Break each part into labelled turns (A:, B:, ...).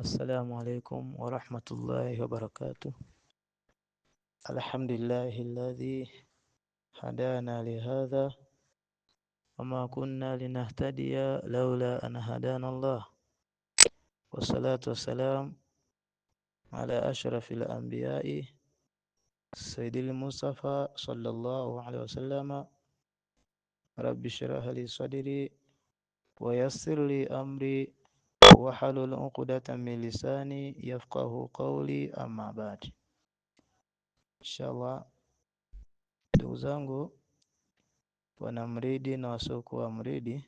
A: السلام عليكم ورحمة الله وبركاته الحمد لله الذي هدانا لهذا وما كنا لنهتدي لولا أن هدانا الله والصلاة والسلام على أشرف الأنبياء سيد المصطفى صلى الله عليه وسلم رب اشرح لي صدري ويسر لي أمري wahalul uqdata min lisani yafqahu qawli, amma ba'd. Inshallah, ndugu zangu wana mridi na wasiokuwa mridi,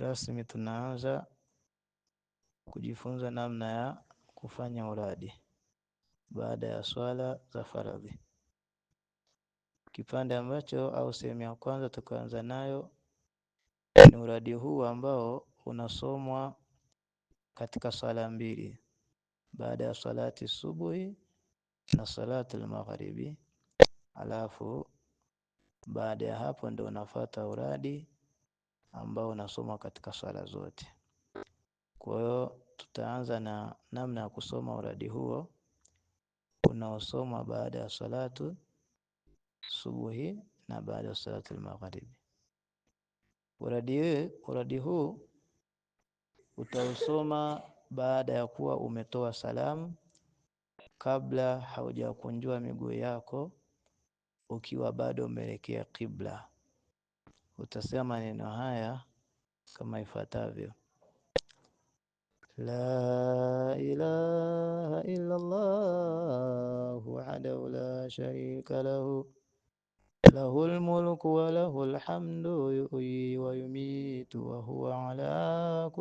A: rasmi tunaanza kujifunza namna ya kufanya uradi baada ya swala za faradhi. Kipande ambacho au sehemu ya kwanza tukaanza nayo ni uradi huu ambao unasomwa katika sala mbili baada ya salati subuhi na salati magharibi, alafu baada ya hapo ndio unafata uradi ambao unasoma katika swala zote. Kwa hiyo tutaanza na namna ya kusoma uradi huo unaosoma baada ya salatu subuhi na baada ya salatu magharibi. Uradi uradi huu utausoma baada ya kuwa umetoa salamu, kabla haujakunjua miguu yako, ukiwa bado umeelekea kibla. Utasema maneno haya kama ifuatavyo: La ilaha illa Allah wahdahu la sharika lahu lahul mulku wa lahul hamdu yuhyi wa yumitu wa huwa ala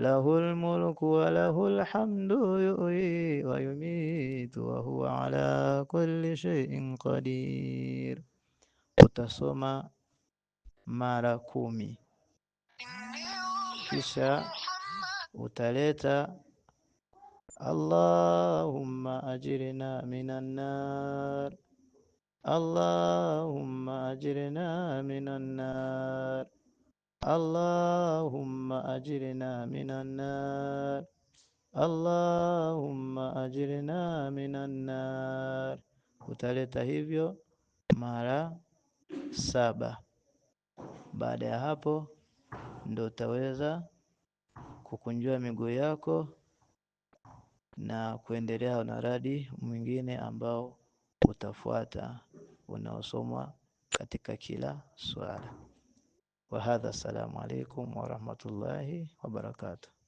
A: له الملك وله الحمد يؤوي ويميت وهو على كل شيء قدير وتصوم ماراكومي كيشا وتلاتة اللهم أجرنا من النار اللهم أجرنا من النار Allahumma ajirna minan nar Allahumma ajirna minan nar. Utaleta hivyo mara saba. Baada ya hapo, ndo utaweza kukunjua miguu yako na kuendelea na radi mwingine ambao utafuata unaosomwa katika kila swala. وهذا السلام عليكم ورحمة الله وبركاته